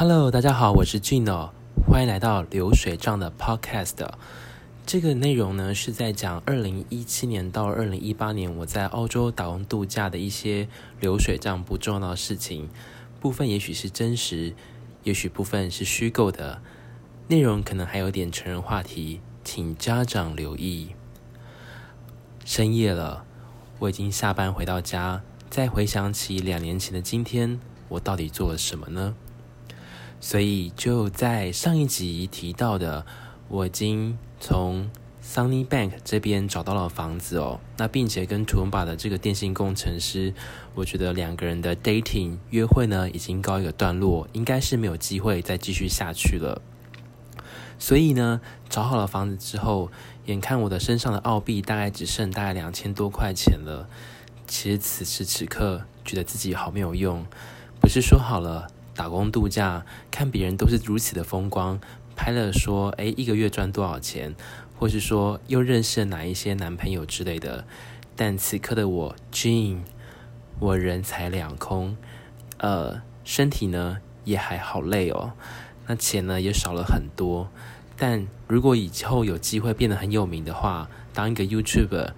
Hello，大家好，我是俊 o 歡迎來到流水賬的 Podcast。這個內容呢是在講二零一七年到二零一八年我在澳洲打工度假的一些流水賬不重要的事情，部分也許是真實，也許部分是虛構的，內容可能還有點成人話題，請家長留意。深夜了，我已經下班回到家，再回想起兩年前的今天，我到底做了什麼呢？所以就在上一集提到的，我已經從 Sunnybank 這邊找到了房子哦。那並且跟圖文巴的這個電信工程師，我覺得兩個人的 dating 約會呢已經告一個段落，應該是沒有機會再繼續下去了。所以呢，找好了房子之後，眼看我的身上的澳幣大概只剩大概兩千多塊錢了。其實此時此刻，覺得自己好沒有用。不是說好了？打工度假，看別人都是如此的風光，拍了說，哎、欸，一個月賺多少錢，或是說又認識了哪一些男朋友之類的。但此刻的我，Gene，我人財兩空，呃，身體呢也還好，累哦。那錢呢也少了很多。但如果以後有機會變得很有名的話，當一個 YouTuber，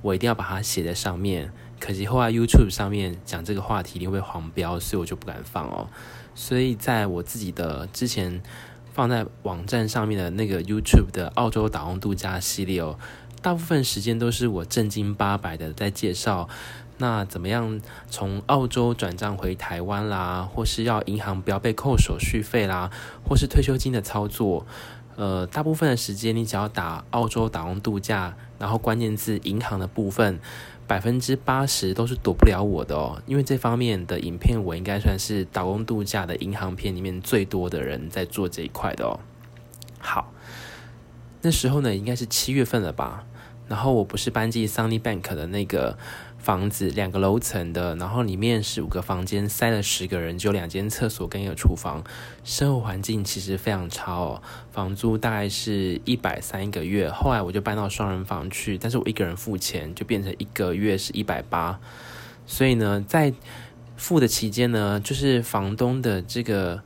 我一定要把它寫在上面。可惜後來 YouTube 上面講這個話題一定會黃標，所以我就不敢放哦。所以在我自己的之前放在網站上面的那個 YouTube 的澳洲打工度假系列哦，大部分時間都是我正經八百的在介紹，那怎麼樣從澳洲轉賬回台灣啦，或是要銀行不要被扣手續費啦，或是退休金的操作，呃，大部分的時間你只要打澳洲打工度假，然後關鍵字銀行的部分，百分之八十，都是躲不了我的哦，因為這方面的影片，我應該算是打工度假的銀行片裡面最多的人在做這一塊的哦。好，那時候呢，應該是七月份了吧。然後我不是搬進 Sunnybank 的那個房子，兩個樓層的，然後裡面是五個房間，塞了十個人，就兩間廁所跟一個廚房，生活環境其實非常差哦。房租大概是一百三一個月，後來我就搬到雙人房去，但是我一個人付錢，就變成一個月是一百八。所以呢，在付的期間呢，就是房東的這個，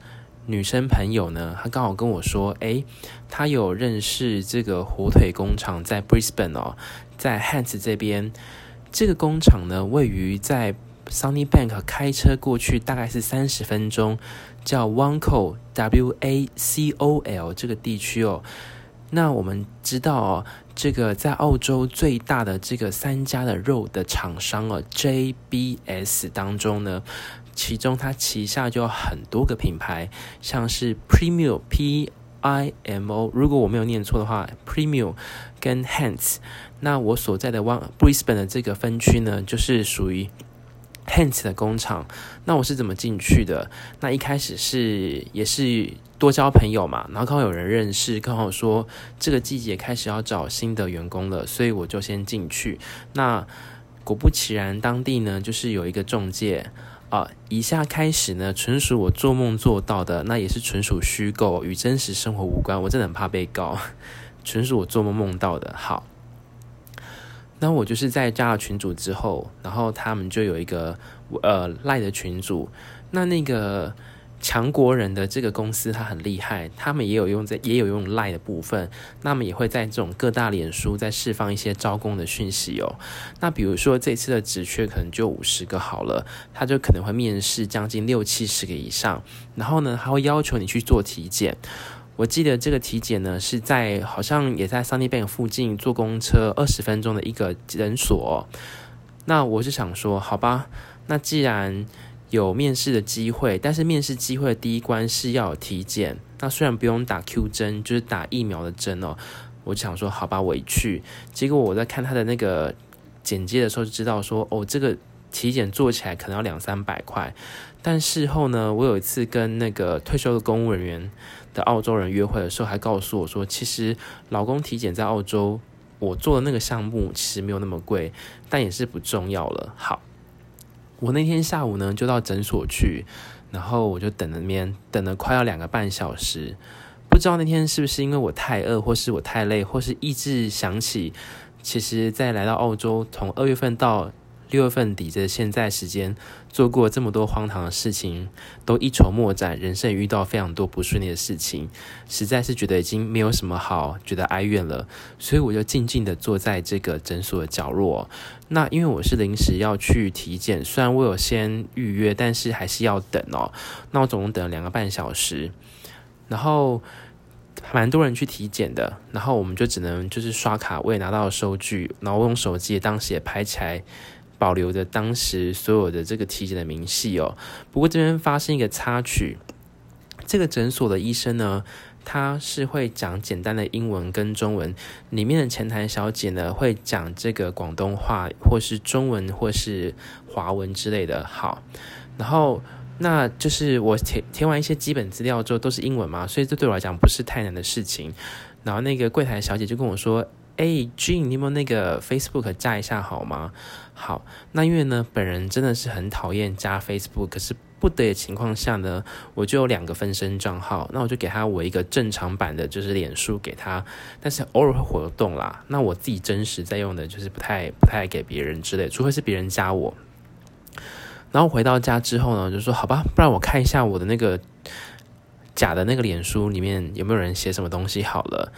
女生朋友呢，她剛好跟我說，誒，她有認識這個火腿工廠在 Brisbane 哦，在 Hans 這邊，這個工廠呢位於在 Sunnybank 開車過去大概是三十分鐘，叫 Wanco W A C O L 這個地區哦。那我們知道哦，這個在澳洲最大的這個三家的肉的廠商哦，JBS 當中呢。其中，它旗下就有很多個品牌，像是 Premium P I M O，如果我沒有念錯的話，Premium 跟 Hans。那我所在的 W Brisbane 的這個分區呢，就是屬於 Hans 的工廠。那我是怎麼進去的？那一開始是也是多交朋友嘛，然後剛好有人認識，剛好說這個季節開始要找新的員工了，所以我就先進去。那果不其然，當地呢就是有一個中介。好、啊，以下開始呢，純屬我做夢做到的，那也是純屬虛構，與真實生活無關。我真的很怕被告，純屬我做夢夢到的。好，那我就是在加了群組之後，然後他們就有一個呃賴的群組，那那個。強國人的這個公司，它很厲害，他們也有用在，也有用賴的部分，那麼也會在這種各大臉書，在釋放一些招工的訊息哦。那比如說這次的職缺可能就五十個好了，他就可能會面試將近六七十個以上，然後呢，還會要求你去做體檢。我記得這個體檢呢，是在好像也在 Sunnybank 附近，坐公車二十分鐘的一個診所哦。那我是想說，好吧，那既然。有面試的機會，但是面試機會的第一關是要體檢。那雖然不用打 Q 針，就是打疫苗的針哦。我想說，好吧，我一去。結果我在看他的那個簡介的時候，就知道說，哦，這個體檢做起來可能要兩三百塊。但事後呢，我有一次跟那個退休的公務人員的澳洲人約會的時候，還告訴我說，其實勞工體檢在澳洲，我做的那個項目其實沒有那麼貴，但也是不重要了。好。我那天下午呢，就到診所去，然後我就等了那邊等了快要兩個半小時，不知道那天是不是因為我太餓，或是我太累，或是一直想起，其實，在來到澳洲，從二月份到。六月份底，着現在時間做過這麼多荒唐的事情，都一籌莫展。人生也遇到非常多不順利的事情，實在是覺得已經沒有什麼好覺得哀怨了。所以我就靜靜的坐在這個診所的角落。那因為我是臨時要去體檢，雖然我有先預約，但是還是要等哦。那我總共等了兩個半小時，然後蠻多人去體檢的，然後我們就只能就是刷卡，我也拿到了收據，然後我用手機當時也拍起來。保留着當時所有的這個體檢的明細哦。不過這邊發生一個插曲，這個診所的醫生呢，他是會講簡單的英文跟中文，裡面的前台小姐呢會講這個廣東話，或是中文，或是華文之類的。好，然後那就是我填填完一些基本資料之後都是英文嘛，所以這對我來講不是太難的事情。然後那個櫃台小姐就跟我說：“哎，Gene，你們那個 Facebook 加一下好嗎？”好，那因為呢，本人真的是很討厭加 Facebook，可是不得已情況下呢，我就有兩個分身賬號，那我就給他我一個正常版的，就是臉書給他，但是偶爾會活動啦。那我自己真實在用的，就是不太不太給別人之類，除非是別人加我。然後回到家之後呢，就說好吧，不然我看一下我的那個假的那個臉書裡面有沒有人寫什麼東西好了。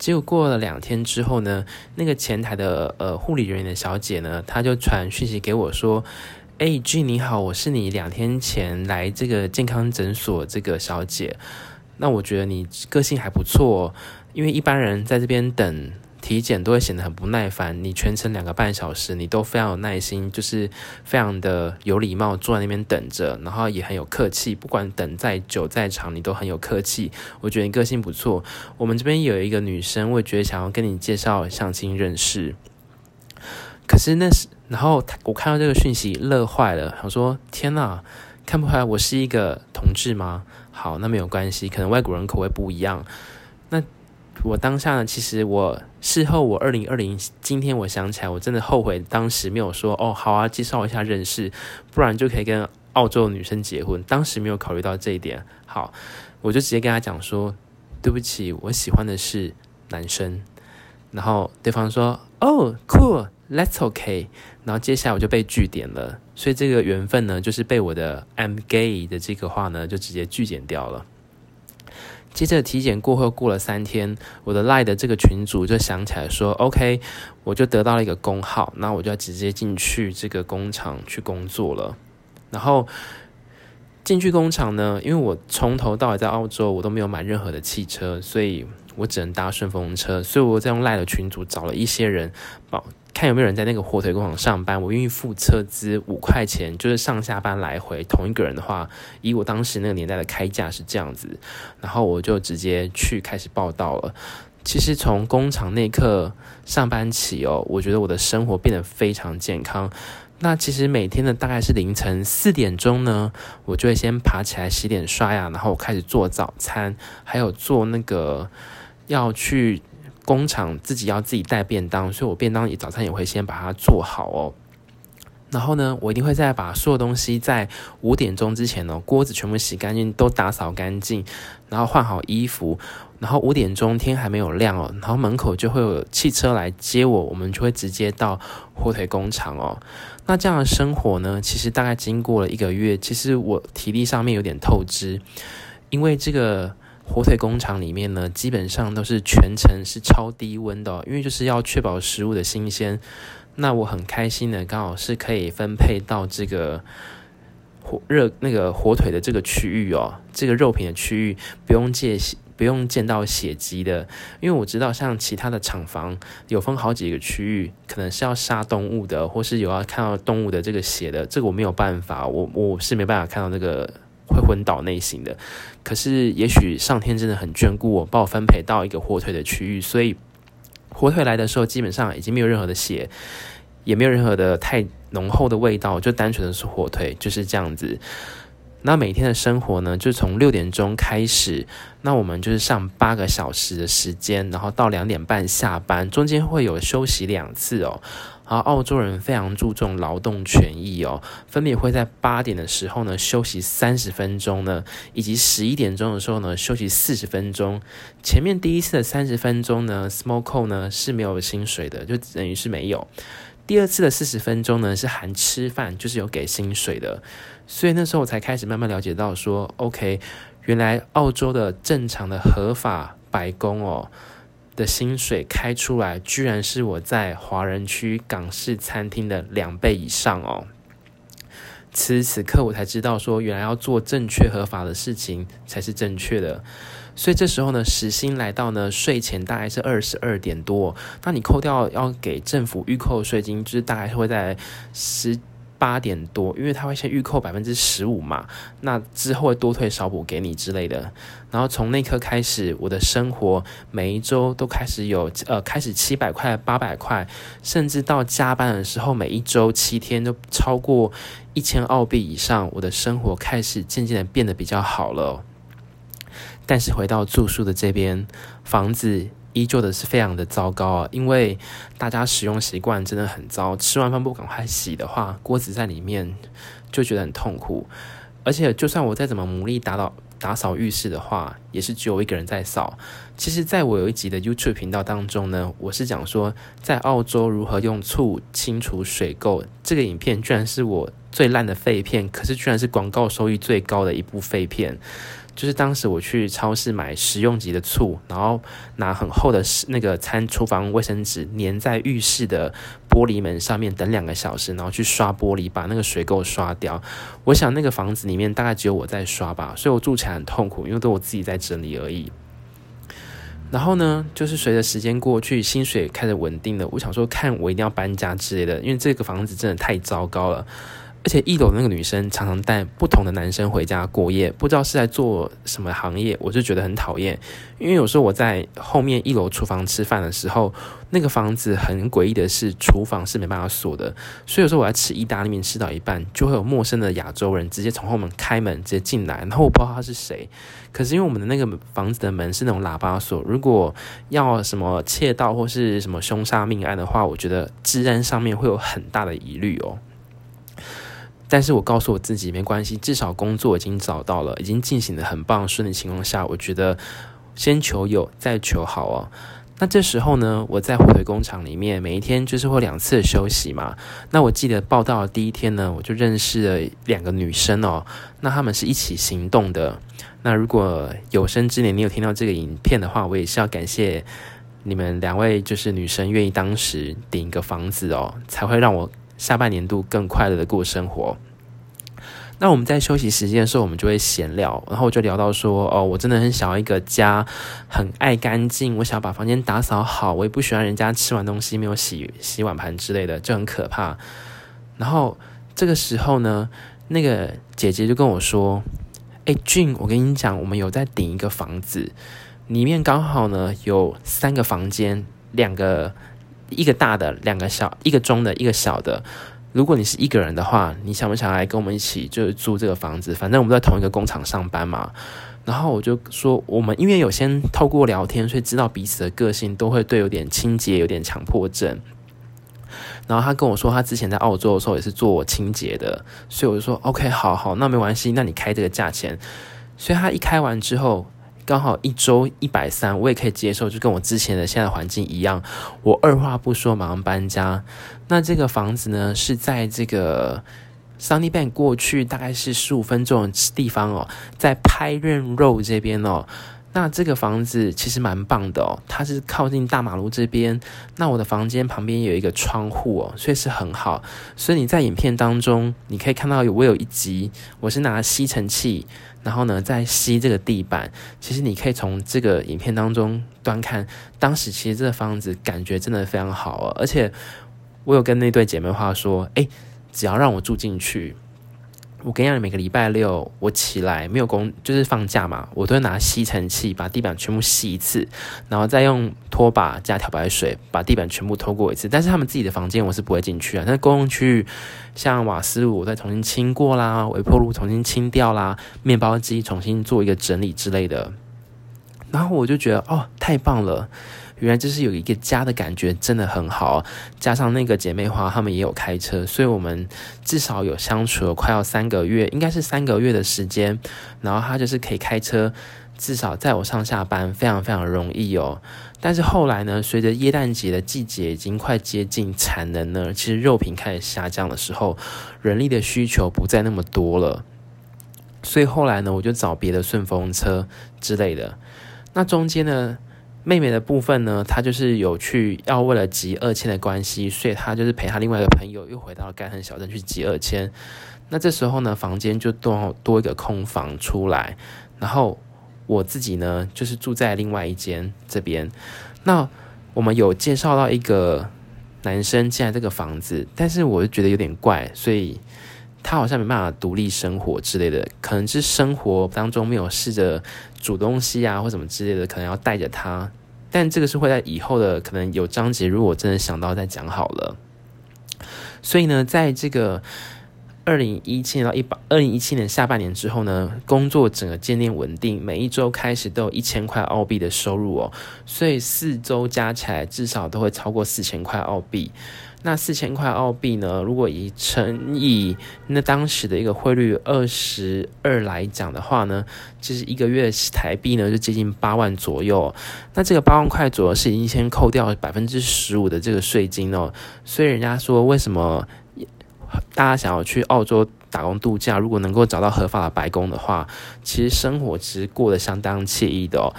結果過了兩天之後呢，那個前台的呃護理人員的小姐呢，她就傳訊息給我說：“誒、hey，Gene 你好，我是你兩天前來這個健康診所這個小姐，那我覺得你個性還不錯哦，因為一般人在這邊等。”體檢都會顯得很不耐煩。你全程兩個半小時，你都非常有耐心，就是非常的有禮貌，坐在那邊等着，然後也很有客氣。不管等再久再長，你都很有客氣。我覺得你個性不錯。我們這邊有一個女生，我也覺得想要跟你介紹相親認識。可是那是，然後我看到這個訊息，樂壞了，想說天哪，看不出來我是一個同志嗎？好，那沒有關係，可能外國人口味不一樣。那。我當下呢，其實我事後我二零二零今天我想起來，我真的後悔當時沒有說哦，好啊，介紹一下認識，不然就可以跟澳洲女生結婚。當時沒有考慮到這一點，好，我就直接跟他講說，對不起，我喜歡的是男生。然後對方說，哦，cool，that's okay。然後接下來我就被拒點了，所以這個緣分呢，就是被我的 I'm gay 的這個話呢，就直接拒絕掉了。接着體檢過後，過了三天，我的賴的這個群組，就想起來說：“OK，我就得到了一個工號，那我就要直接進去這個工廠去工作了。”然後進去工廠呢，因為我從頭到尾在澳洲，我都沒有買任何的汽車，所以我只能搭順風車，所以我在用賴的群組找了一些人幫，看有沒有人在那個火腿工廠上班，我願意付車資五塊錢，就是上下班來回。同一個人的話，以我當時那個年代的開價是這樣子，然後我就直接去開始報到了。其實從工廠那一刻上班起哦，我覺得我的生活變得非常健康。那其實每天的大概是凌晨四點鐘呢，我就會先爬起來洗臉刷牙，然後我開始做早餐，還有做那個要去。工廠自己要自己帶便當，所以我便當早餐也會先把它做好哦。然後呢，我一定會再把所有東西在五點鐘之前哦，鍋子全部洗乾淨，都打掃乾淨，然後換好衣服，然後五點鐘天還沒有亮哦，然後門口就會有汽車來接我，我們就會直接到火腿工廠哦。那這樣的生活呢，其實大概經過了一個月，其實我體力上面有點透支，因為這個。火腿工廠裡面呢，基本上都是全程是超低溫的哦，因為就是要確保食物的新鮮。那我很開心的，剛好是可以分配到這個火熱那個火腿的這個區域哦，這個肉品的區域不用見不用見到血跡的，因為我知道像其他的廠房有分好幾個區域，可能是要殺動物的，或是有要看到動物的這個血的，這個我沒有辦法，我我是沒辦法看到那個。會昏倒類型的，可是也許上天真的很眷顧我、哦，把我分配到一個火腿的區域，所以火腿來的時候基本上已經沒有任何的血，也沒有任何的太濃厚的味道，就單純的是火腿，就是這樣子。那每天的生活呢，就從六點鐘開始，那我們就是上八個小時的時間，然後到兩點半下班，中間會有休息兩次哦。然後澳洲人非常注重勞動權益哦，分別會在八點的時候呢休息三十分鐘呢，以及十一點鐘的時候呢休息四十分鐘。前面第一次的三十分鐘呢，smoke 呢是沒有薪水的，就等於是沒有；第二次的四十分鐘呢是含吃飯，就是有給薪水的。所以那時候我才開始慢慢了解到說，OK，原來澳洲的正常的合法白工哦。的薪水開出來，居然是我在華人區港式餐廳的兩倍以上哦。此時此刻，我才知道說，原來要做正確合法的事情才是正確的。所以這時候呢，時薪來到呢，稅前大概是二十二點多。那你扣掉要給政府預扣稅金，就是大概會在十。八點多，因為他會先預扣百分之十五嘛，那之後會多退少補給你之類的。然後從那刻開始，我的生活每一周都開始有，呃，開始七百塊、八百塊，甚至到加班的時候，每一周七天都超過一千澳幣以上。我的生活開始漸漸的變得比較好了。但是回到住宿的這邊，房子依舊的是非常的糟糕啊，因為大家使用習慣真的很糟。吃完飯不趕快洗的話，鍋子在裡面就覺得很痛苦。而且，就算我再怎麼努力打掃，打掃浴室的話，也是只有一個人在掃。其實，在我有一集的 YouTube 頻道當中呢，我是講說在澳洲如何用醋清除水垢。這個影片居然是我最爛的廢片，可是居然是廣告收益最高的一部廢片。就是當時我去超市買食用級的醋，然後拿很厚的、那個餐廚房衛生紙粘在浴室的玻璃門上面，等兩個小時，然後去刷玻璃，把那個水給我刷掉。我想那個房子裡面大概只有我在刷吧，所以我住起來很痛苦，因為都我自己在整理而已。然後呢，就是隨着時間過去，薪水也開始穩定了，我想說看我一定要搬家之類的，因為這個房子真的太糟糕了。而且一樓那個女生常常帶不同的男生回家過夜，不知道是在做什麼行業，我就覺得很討厭。因為有時候我在後面一樓廚房吃飯的時候，那個房子很詭異的是，廚房是沒辦法鎖的。所以有時候我在吃意大利麵吃到一半，就會有陌生的亞洲人直接從後門開門直接進來，然後我不知道他是誰。可是因為我們的那個房子的門是那種喇叭鎖，如果要什麼竊盜或是什麼兇殺命案的話，我覺得治安上面會有很大的疑慮哦。但是我告訴我自己沒關係，至少工作已經找到了，已經進行的很棒，順利情況下，我覺得先求有，再求好哦。那這時候呢，我在火腿工廠裡面，每一天就是會兩次休息嘛。那我記得報到第一天呢，我就認識了兩個女生哦。那她們是一起行動的。那如果有生之年你有聽到這個影片的話，我也是要感謝你們兩位，就是女生願意當時頂一個房子哦，才會讓我。下半年度更快樂的過生活。那我們在休息時間的時候，我們就會閒聊，然後就聊到說，哦，我真的很想要一個家，很愛乾淨，我想要把房間打掃好，我也不喜歡人家吃完東西沒有洗洗碗盤之類的，就很可怕。然後這個時候呢，那個姐姐就跟我說，哎，Gene，我跟你講，我們有在頂一個房子，裡面剛好呢有三個房間，兩個。一個大的，兩個小，一個中的，一個小的。如果你是一個人的話，你想不想來跟我們一起，就是租這個房子？反正我們在同一個工廠上班嘛。然後我就說，我們因為有先透過聊天，所以知道彼此的個性，都會對有點清潔，有點強迫症。然後他跟我說，他之前在澳洲的時候也是做清潔的，所以我就說，OK，好好，那沒關係，那你開這個價錢。所以他一開完之後。剛好一周一百三，我也可以接受，就跟我之前的現在環境一樣。我二話不說，馬上搬家。那這個房子呢，是在這個 Sunny Bank 過去大概是十五分鐘的地方哦，在 Pioneer Road 這邊哦。那這個房子其實蠻棒的哦，它是靠近大馬路這邊。那我的房間旁邊有一個窗戶哦，所以是很好。所以你在影片當中，你可以看到我有一集，我是拿吸塵器，然後呢在吸這個地板。其實你可以從這個影片當中端看，當時其實這個房子感覺真的非常好哦。而且我有跟那對姐妹話說，誒、欸，只要讓我住進去。我跟你講，每個禮拜六我起來沒有工，就是放假嘛，我都會拿吸塵器把地板全部吸一次，然後再用拖把加漂白水把地板全部拖過一次。但是他們自己的房間我是不會進去啊，那公共區域像瓦斯爐我再重新清過啦，微波爐重新清掉啦，麵包機重新做一個整理之類的。然後我就覺得哦，太棒了。原來就是有一個家的感覺，真的很好。加上那個姐妹花，她們也有開車，所以我們至少有相處了快要三個月，應該是三個月的時間。然後她就是可以開車，至少載我上下班非常非常容易哦。但是後來呢，隨着耶誕節的季節已經快接近產能呢，其實肉品開始下降的時候，人力的需求不再那麼多了。所以後來呢，我就找別的順風車之類的。那中間呢？妹妹的部分呢，她就是有去要為了集二千的關係，所以她就是陪她另外一個朋友，又回到了甘城小鎮去集二千。那這時候呢，房間就多多一個空房出來，然後我自己呢就是住在另外一間這邊。那我們有介紹到一個男生進來這個房子，但是我就覺得有點怪，所以他好像沒辦法獨立生活之類的，可能是生活當中沒有試着。煮東西啊，或什麼之類的，可能要帶着它，但這個是會在以後的可能有章節，如果我真的想到再講好了。所以呢，在這個。二零一七年到一八，二零一七年下半年之後呢，工作整個建立穩定，每一周開始都有一千塊澳幣的收入哦、喔，所以四周加起來至少都會超過四千塊澳幣。那四千塊澳幣呢，如果以乘以那當時的一個匯率二十二來講的話呢，就是一個月台幣呢就接近八萬左右。那這個八萬塊左右是已經先扣掉百分之十五的這個稅金哦、喔，所以人家說為什麼？大家想要去澳洲打工度假，如果能夠找到合法的白工的話，其實生活其實過得相當愜意的哦。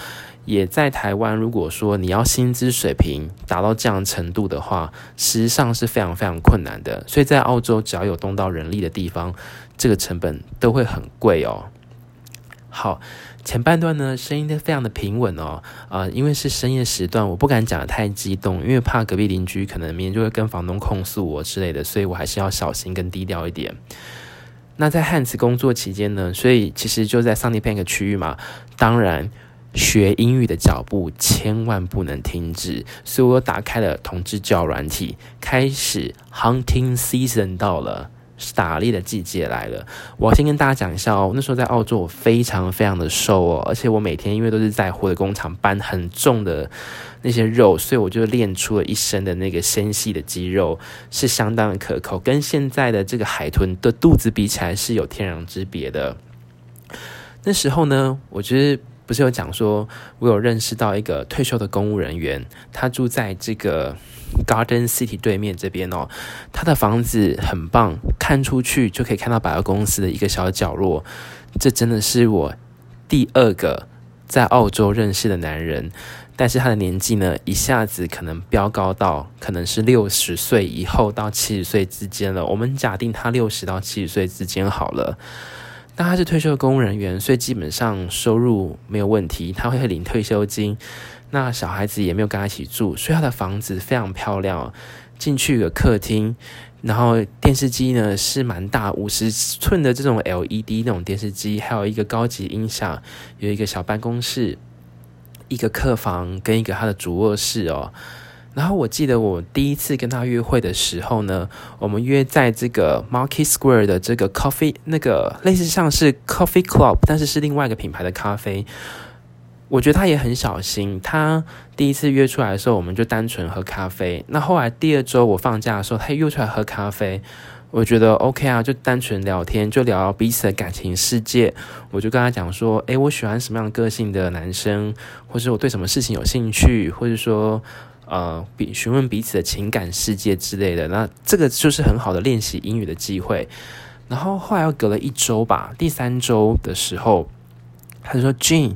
也在台灣，如果說你要薪資水平達到這樣程度的話，實際上是非常非常困難的。所以在澳洲，只要有動到人力的地方，這個成本都會很貴哦。好。前半段呢，聲音都非常的平穩哦，啊、呃，因為是深夜時段，我不敢講的太激動，因為怕隔壁鄰居可能明天就會跟房東控訴我、哦、之類的，所以我還是要小心跟低調一點。那在漢斯工作期間呢，所以其實就在 Sunnybank 區域嘛，當然學英語的腳步千萬不能停止，所以我打開了同志教軟體，開始 Hunting Season 到了。打獵的季節來了，我要先跟大家講一下哦。那時候在澳洲，我非常非常的瘦哦，而且我每天因為都是在活的工廠搬很重的那些肉，所以我就練出了一身的那個纖細的肌肉，是相當的可口，跟現在的這個海豚的肚子比起來是有天壤之別的。那時候呢，我就是不是有講說，我有認識到一個退休的公務人員，他住在這個 Garden City 對面這邊哦，他的房子很棒，看出去就可以看到百貨公司的一個小角落。這真的是我第二個在澳洲認識的男人，但是他的年紀呢，一下子可能飆高到可能是六十歲以後到七十歲之間了。我們假定他六十到七十歲之間好了。那他是退休的公務人員，所以基本上收入沒有問題，他會領退休金。那小孩子也沒有跟他一起住，所以他的房子非常漂亮。進去一個客廳，然後電視機呢是蠻大，五十寸的這種 LED 那種電視機，還有一個高級音響，有一個小辦公室，一個客房跟一個他的主臥室哦。然後我記得我第一次跟他約會的時候呢，我們約在這個 Market Square 的這個 Coffee，那個類似像是 Coffee Club，但是是另外一個品牌的咖啡。我覺得他也很小心。他第一次約出來的時候，我們就單純喝咖啡。那後來第二周我放假的時候，他又出來喝咖啡。我覺得 OK 啊，就單純聊天，就聊聊彼此的感情世界。我就跟他講說：“誒，我喜歡什麼樣的個性的男生，或是我對什麼事情有興趣，或者說，呃，比詢問彼此的情感世界之類的。”那這個就是很好的練習英語的機會。然後後來又隔了一周吧，第三周的時候，他就說：“Gene。”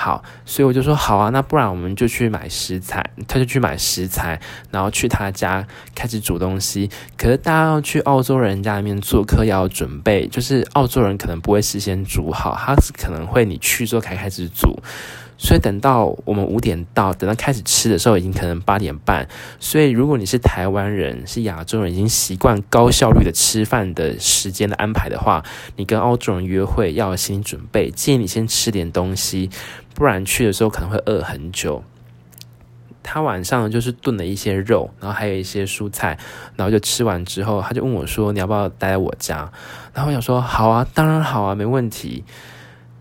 好，所以我就說好啊，那不然我們就去買食材，他就去買食材，然後去他家開始煮東西。可是大家要去澳洲人家裡面做客要準備，就是澳洲人可能不會事先煮好，他是可能會你去做才開始煮。所以等到我們五點到，等到開始吃的時候，已經可能八點半。所以如果你是台灣人，是亞洲人，已經習慣高效率的吃飯的時間的安排的話，你跟澳洲人約會要有心理準備。建議你先吃點東西，不然去的時候可能會餓很久。他晚上就是燉了一些肉，然後還有一些蔬菜，然後就吃完之後，他就問我說：“你要不要待在我家？”然後我想說：“好啊，當然好啊，沒問題。”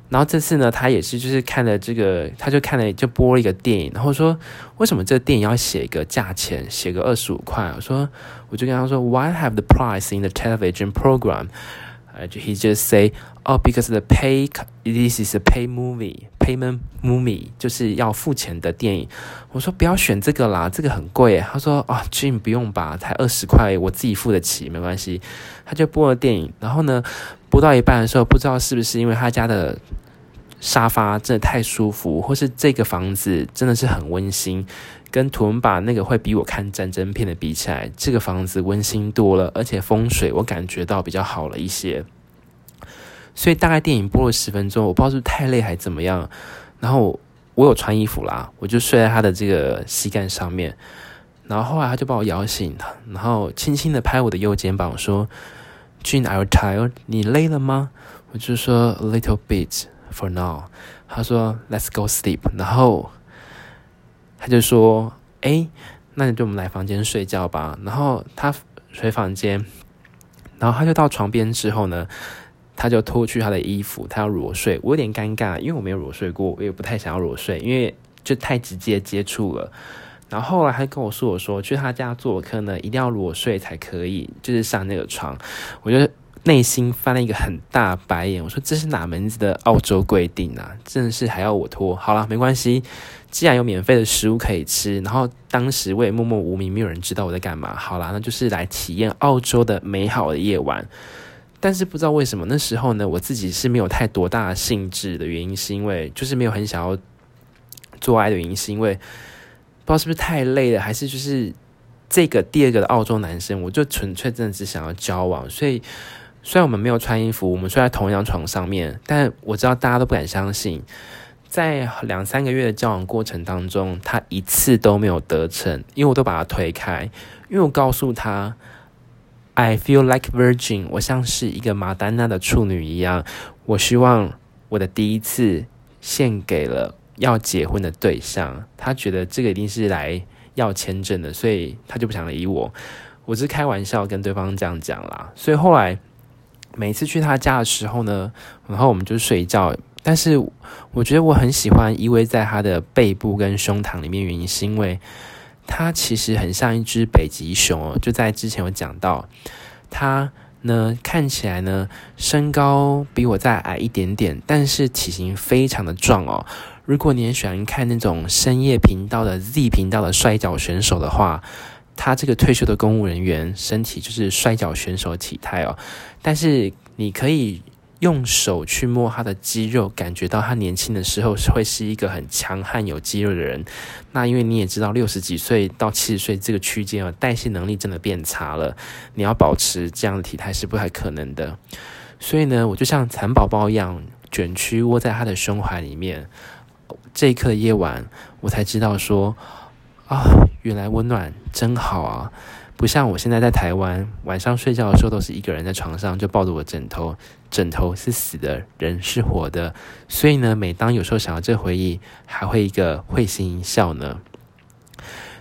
然後這次呢，他也是就是看了這個，他就看了就播了一個電影，然後說為什麼這個電影要寫一個價錢，寫個二十五塊，啊？我說我就跟他說，Why have the price in the television program？呃，就、uh, He just say。哦、oh，because the pay this is a pay movie payment movie 就是要付錢的電影。我說不要選這個啦，這個很貴。他說哦，Gene 不用吧，才二十塊，我自己付得起，沒關係。他就播了電影，然後呢，播到一半的時候，不知道是不是因為他家的沙發真的太舒服，或是這個房子真的是很溫馨，跟圖文把那個會比我看戰爭片的比起來，這個房子溫馨多了，而且風水我感覺到比較好了一些。所以大概電影播了十分鐘，我不知道是不是太累還怎麼樣。然後我有穿衣服啦，我就睡在他的這個膝蓋上面。然後後來他就把我搖醒他然後輕輕的拍我的右肩膀說，說：“Gene, I'm tired，你累了嗎？”我就說：“A little bit for now。”他說：“Let's go sleep。”然後他就說：“哎，那你就我們來房間睡覺吧。”然後他回房間，然後他就到床邊之後呢，他就脫去他的衣服，他要裸睡，我有點尷尬，因為我沒有裸睡過，我也不太想要裸睡，因為就太直接接觸了。然後後來他跟我說，我說，去他家做客呢，一定要裸睡才可以，就是上那個床。我就內心翻了一個很大白眼，我說這是哪門子的澳洲規定啊？真的是還要我脫？好了，沒關係，既然有免費的食物可以吃，然後當時我也默默無名，沒有人知道我在幹嘛。好了，那就是來體驗澳洲的美好的夜晚。但是不知道為什麼那時候呢，我自己是沒有太多大的興致的原因，是因為就是沒有很想要做愛的原因，是因為不知道是不是太累了，還是就是這個第二個的澳洲男生，我就純粹真的只想要交往。所以雖然我們沒有穿衣服，我們睡在同一張床上面，但我知道大家都不敢相信，在兩三個月的交往過程當中，他一次都沒有得逞，因為我都把他推開，因為我告訴他。I feel like virgin，我像是一個瑪丹娜的處女一樣。我希望我的第一次獻給了要結婚的對象。他覺得這個一定是來要簽證的，所以他就不想理我。我是開玩笑跟對方這樣講啦。所以後來每次去他家的時候呢，然後我們就睡覺。但是我覺得我很喜歡依偎在他的背部跟胸膛裡面，原因是因為。他其實很像一隻北極熊哦，就在之前有講到，他呢看起來呢身高比我再矮一點點，但是體型非常的壯哦。如果你也喜歡看那種深夜頻道的 Z 頻道的摔跤選手的話，他這個退休的公務人員身體就是摔跤選手體態哦，但是你可以。用手去摸他的肌肉，感覺到他年輕的時候是會是一個很強悍有肌肉的人。那因為你也知道，六十幾歲到七十歲這個區間啊，代謝能力真的變差了。你要保持這樣的體態是不太可能的。所以呢，我就像蠶寶寶一樣捲曲窩在他的胸懷裡面。這一刻的夜晚，我才知道說啊，原來溫暖真好啊。不像我現在在台灣，晚上睡覺的時候都是一個人在床上，就抱着我枕頭，枕頭是死的，人是活的。所以呢，每當有時候想到這回憶，還會一個會心一笑呢。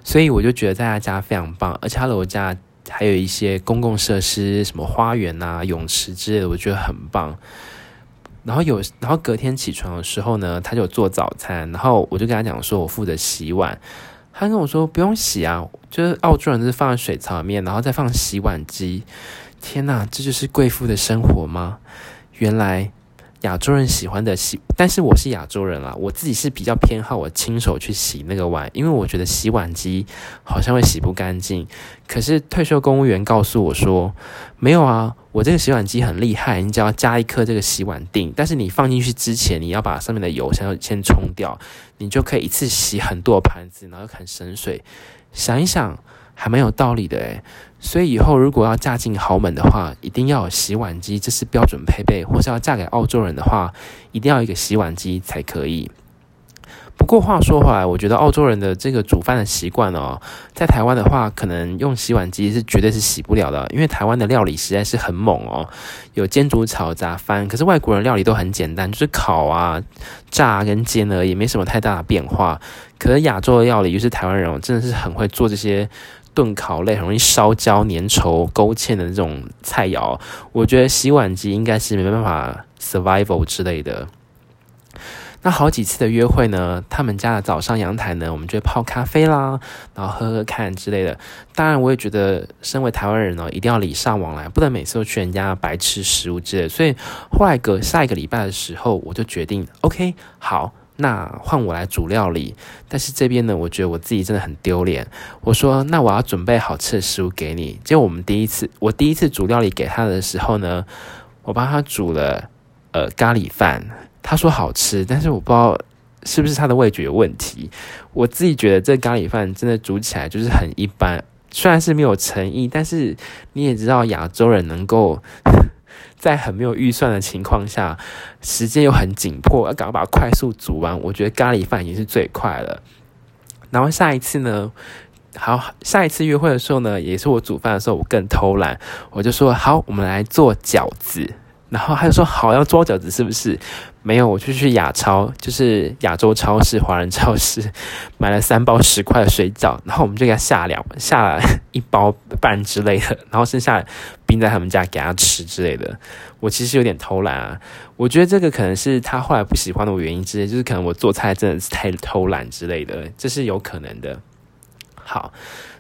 所以我就覺得在他家，家非常棒，而且他樓下還有一些公共設施，什麼花園啊、泳池之類的，我覺得很棒。然後有，然後隔天起床的時候呢，他就做早餐，然後我就跟他講說，我負責洗碗。他跟我說不用洗啊，就是澳洲人就是放在水槽裡面，然後再放洗碗機。天哪，這就是貴婦的生活嗎？原來亞洲人喜歡的洗，但是我是亞洲人啊，我自己是比較偏好我親手去洗那個碗，因為我覺得洗碗機好像會洗不乾淨。可是退休公務員告訴我說沒有啊。我這個洗碗機很厲害，你只要加一顆這個洗碗錠。但是你放進去之前，你要把上面的油先要先沖掉，你就可以一次洗很多盤子，然後很省水。想一想，還蠻有道理的誒。所以以後如果要嫁進豪門的話，一定要有洗碗機，這是標準配備；或是要嫁給澳洲人的話，一定要有一個洗碗機才可以。不過話說回來，我覺得澳洲人的這個煮飯的習慣哦，在台灣的話，可能用洗碗機是絕對是洗不了的，因為台灣的料理實在是很猛哦，喔，有煎、煮、炒、炸、翻。可是外國人料理都很簡單，就是烤啊、炸啊跟煎而已，沒什麼太大的變化。可是亞洲的料理，尤、就、其是台灣人、喔，真的是很會做這些燉、烤類，很容易燒焦、粘稠、勾芡的那種菜肴。我覺得洗碗機應該是沒辦法 survival 之類的。那好幾次的約會呢，他們家的早上陽台呢，我們就會泡咖啡啦，然後喝喝看之類的。當然，我也覺得身為台灣人喔，一定要禮尚往來，不能每次都去人家白吃食物之類的。所以後來隔下一個禮拜的時候，我就決定 OK，好，那換我來煮料理。但是這邊呢，我覺得我自己真的很丟臉。我說，那我要準備好吃的食物給你。結果我們第一次，我第一次煮料理給他的時候呢，我幫他煮了呃咖喱飯。他說好吃，但是我不知道是不是他的味覺有問題。我自己覺得這咖喱飯真的煮起來就是很一般，雖然是沒有誠意，但是你也知道亞洲人能夠在很沒有預算的情況下，時間又很緊迫，要趕快把它快速煮完。我覺得咖喱飯已經是最快了。然後下一次呢，好，下一次約會的時候呢，也是我煮飯的時候，我更偷懶，我就說好，我們來做餃子。然後他就說：“好，要做餃子，是不是？沒有，我就去亞超，就是亞洲超市、華人超市，買了三包十塊的水餃。然後我們就給他下了，下了一包半之類的。然後剩下冰在他們家給他吃之類的。我其實有點偷懶啊，我覺得這個可能是他後來不喜歡的原因之一，就是可能我做菜真的是太偷懶之類的，這是有可能的。好，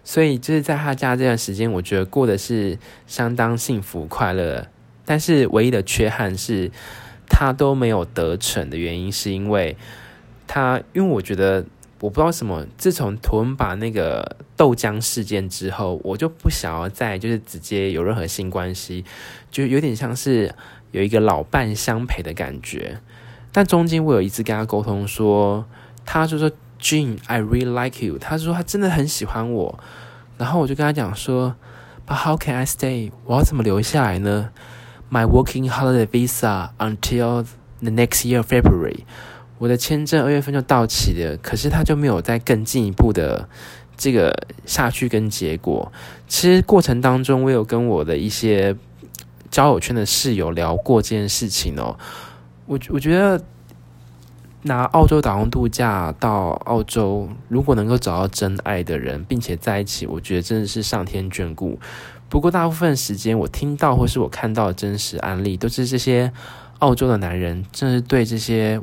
所以就是在他家這段時間，我覺得過的是相當幸福快樂。”但是唯一的缺憾是，他都沒有得逞的原因，是因為他，因為我覺得我不知道什麼。自從圖文把那個豆漿事件之後，我就不想要再就是直接有任何性關係，就有點像是有一個老伴相陪的感覺。但中間我有一次跟他溝通說，他就說：“Gene, I really like you。”他說他真的很喜歡我。然後我就跟他講說：“But how can I stay？我要怎麼留下來呢？” My working holiday visa until the next year February，我的簽證二月份就到期了，可是他就沒有再更進一步的這個下去跟結果。其實過程當中，我有跟我的一些交友圈的室友聊過這件事情哦。我我覺得拿澳洲打工度假到澳洲，如果能夠找到真愛的人，並且在一起，我覺得真的是上天眷顧。不過大部分時間，我聽到或是我看到的真實案例，都是這些澳洲的男人，正是對這些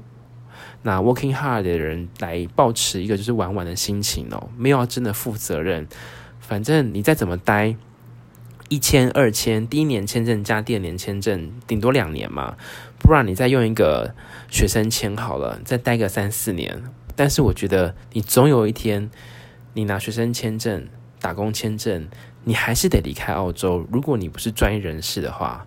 拿 working hard 的人來抱持一個就是玩玩的心情哦，沒有要真的負責任。反正你再怎麼待一千二千，第一年簽證加第二年簽證，頂多兩年嘛，不然你再用一個學生簽好了，再待個三四年。但是我覺得，你總有一天，你拿學生簽證、打工簽證。你還是得離開澳洲，如果你不是專業人士的話。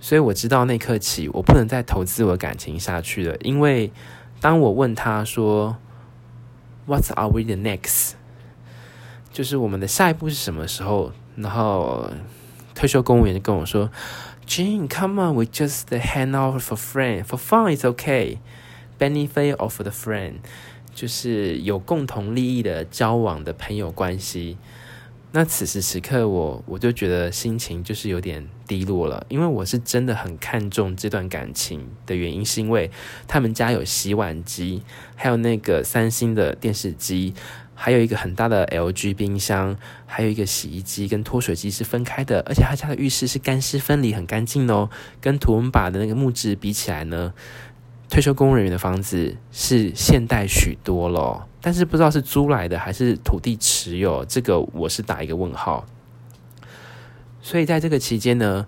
所以我知道那刻起，我不能再投資我的感情下去了。因為當我問他說 “What's are we the next？” 就是我們的下一步是什麼時候？然後退休公務員就跟我說：“Gene, come on, we just hang out for friend for fun. It's okay, benefit of the friend，就是有共同利益的交往的朋友關係。”那此時此刻我，我我就覺得心情就是有點低落了，因為我是真的很看重這段感情的原因，是因為他們家有洗碗機，還有那個三星的電視機，還有一個很大的 LG 冰箱，還有一個洗衣機跟脫水機是分開的，而且他家的浴室是乾濕分離，很乾淨哦。跟圖文把的那個木質比起來呢，退休公務人員的房子是現代許多咯。但是不知道是租來的還是土地持有，這個我是打一個問號。所以在這個期間呢，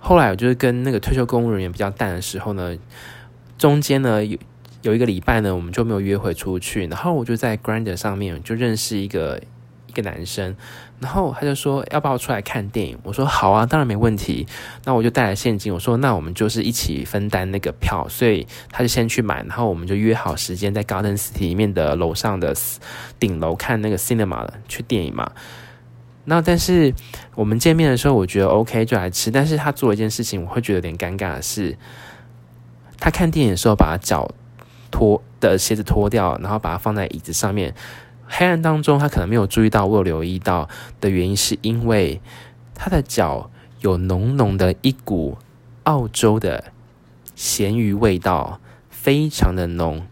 後來我就是跟那個退休公務人員比較淡的時候呢，中間呢有有一個禮拜呢，我們就沒有約會出去。然後我就在 Grindr 上面就認識一個。個男生，然後他就說，要不要出來看電影？我說好啊，當然沒問題。那我就帶來現金。我說那我們就是一起分擔那個票，所以他就先去買。然後我們就約好時間，在 Garden City 裡面的樓上的頂樓看那個 Cinema 去電影嘛。那但是我們見面的時候，我覺得 OK 就來吃。但是他做了一件事情，我會覺得有點尷尬的是，是他看電影的時候，把腳脫的鞋子脫掉，然後把它放在椅子上面。黑暗當中，他可能沒有注意到，我有留意到的原因，是因為他的腳有濃濃的一股澳洲的鹹魚味道，非常的濃。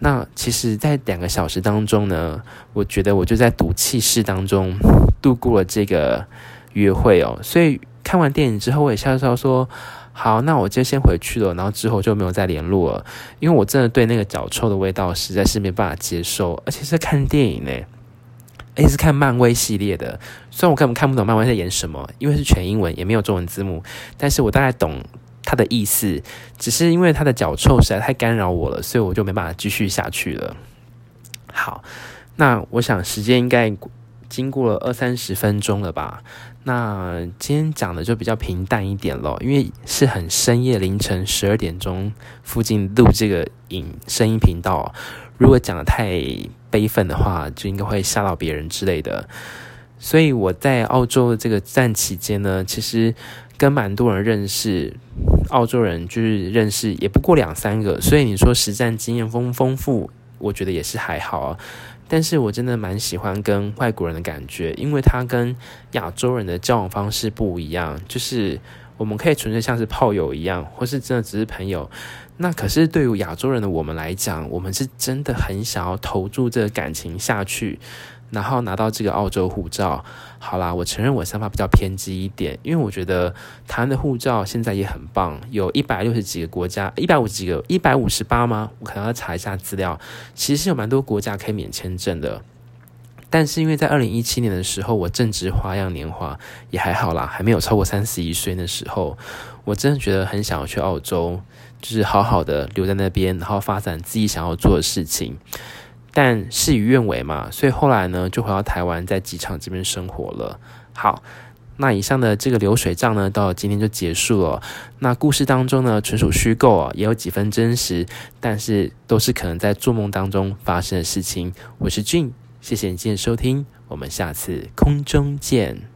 那其實，在兩個小時當中呢，我覺得我就在毒氣室當中度過了這個約會哦，所以。看完電影之後，我也笑笑說：“好，那我就先回去了。”然後之後就沒有再聯絡了，因為我真的對那個腳臭的味道實在是沒辦法接受，而且是看電影呢，而且是看漫威系列的。雖然我根本看不懂漫威在演什麼，因為是全英文，也沒有中文字幕，但是我大概懂他的意思。只是因為他的腳臭實在太干擾我了，所以我就沒辦法繼續下去了。好，那我想時間應該經過了二三十分鐘了吧。那今天講的就比較平淡一點了，因為是很深夜凌晨十二點鐘附近錄這個音，聲音頻道。如果講得太悲憤的話，就應該會嚇到別人之類的。所以我在澳洲的這個站期間呢，其實跟蠻多人認識，澳洲人就是認識也不過兩三個。所以你說實戰經驗豐豐富，我覺得也是還好但是我真的蠻喜歡跟外國人的感覺，因為他跟亞洲人的交往方式不一樣，就是我們可以純粹像是炮友一樣，或是真的只是朋友。那可是對於亞洲人的我們來講，我們是真的很想要投注這個感情下去。然後拿到這個澳洲護照，好啦，我承認我想法比較偏激一點，因為我覺得台灣的護照現在也很棒，有一百六十幾個國家，一百五十幾個，一百五十八嗎？我可能要查一下資料。其實是有蠻多國家可以免簽證的，但是因為在二零一七年的時候，我正值花樣年華，也還好啦，還沒有超過三十一歲那時候，我真的覺得很想要去澳洲，就是好好的留在那邊，然後發展自己想要做的事情。但事與願違嘛，所以後來呢，就回到台灣，在機場這邊生活了。好，那以上的這個流水賬呢，到今天就結束了。那故事當中呢，純屬虛構啊、哦，也有幾分真實，但是都是可能在做夢當中發生的事情。我是 Gene，謝謝你今天的收聽，我們下次空中見。